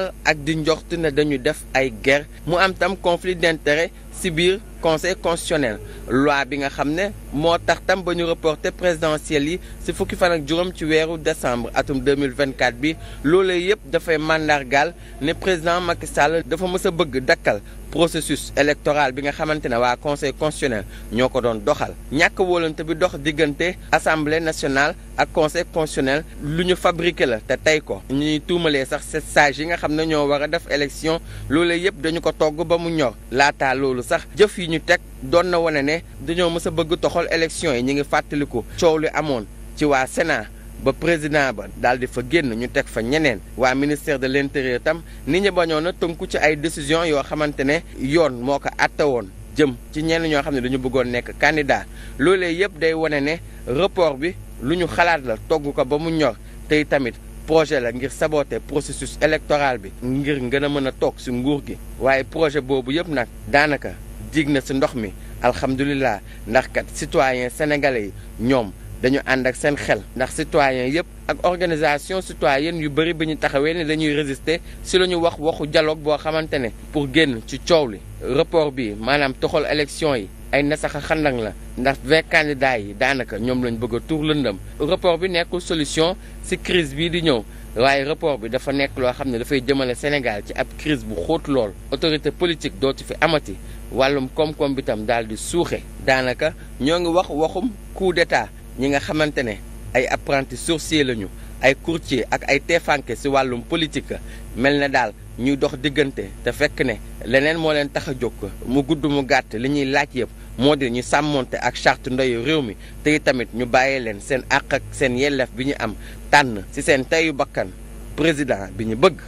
ak di njort ne dañu def ay ger mu am tam conflit d'intérêt ci biir conseil constitutionnel bi nga xam ne moo tax tam ba ñu reporté présidentielle yi ci fukki fan ak juróom ci weeru décembre atum 2024 bi loolee yëpp dafay màndargaal ne président Macky dafa mës a bëgg dakkal processus électoral bi nga xamante ne waa conseil constitutionnel ñoo ko doon doxal ñàkk wóolante bi dox diggante assemblée nationale ak conseil constitutionnel lu ñu fabriqué la te tey ko ñuy tuumalee sax ces sages yi nga xam ne ñoo war a def élection loolu yëpp dañu ko togg ba mu ñor laataa loolu sax jëf yi ñu teg doon na wane ne dañoo mës a bëgg toxal élection yi ñu ngi fàttaliku coow li amoon ci waa Sénat ba président ba daal di fa génn ñu teg fa ñeneen waa ministère de l'intérieur tam nit ñi bañoon a tënku ci ay décision yoo xamante ne yoon moo ko woon jëm ci ñenn ñoo xam ne dañu bëggoon nekk candidat loolee yëpp day wane ne report bi lu ñu xalaat la togg ko ba mu ñor tey tamit projet la ngir saboter processus électoral bi ngir gën a mën a toog si nguur gi waaye projet boobu yëpp nag daanaka dig na si ndox mi alhamdulilah ndax kat citoyen yi ñoom dañu ànd ak seen xel ndax citoyen yëpp ak organisation citoyenne yu bëri bi ñu taxawee ne dañuy résister si la ñu wax waxu dialogue boo xamante ne pour génn ci coow li report bi maanaam toxal élection yi ay nasaxa xandang la ndax vingt candidats yi daanaka ñoom lañ bëgg a tuur lëndëm report bi nekkul solution si crise bii di ñëw waaye report bi dafa nekk loo xam ne dafay jëmale Sénégal ci ab crise bu xóot lool autorité politique dootu fi amati wàllum koom bi tam daal di suuxe daanaka ñoo ngi wax waxum coup ñi nga xamante ne ay apprentis sorciers lañu ay courtiers ak ay teefanke ci wàllum politique mel na daal ñuy dox diggante te fekk ne leneen moo leen tax a jóg mu gudd mu gàtt li ñuy laaj yëpp moo di ñu sàmmoonte ak charte ndeyu réew mi te tamit ñu bàyyee leen seen àq ak seen yelleef bi ñu am tànn ci seen teyu bakkan président bi ñu bëgg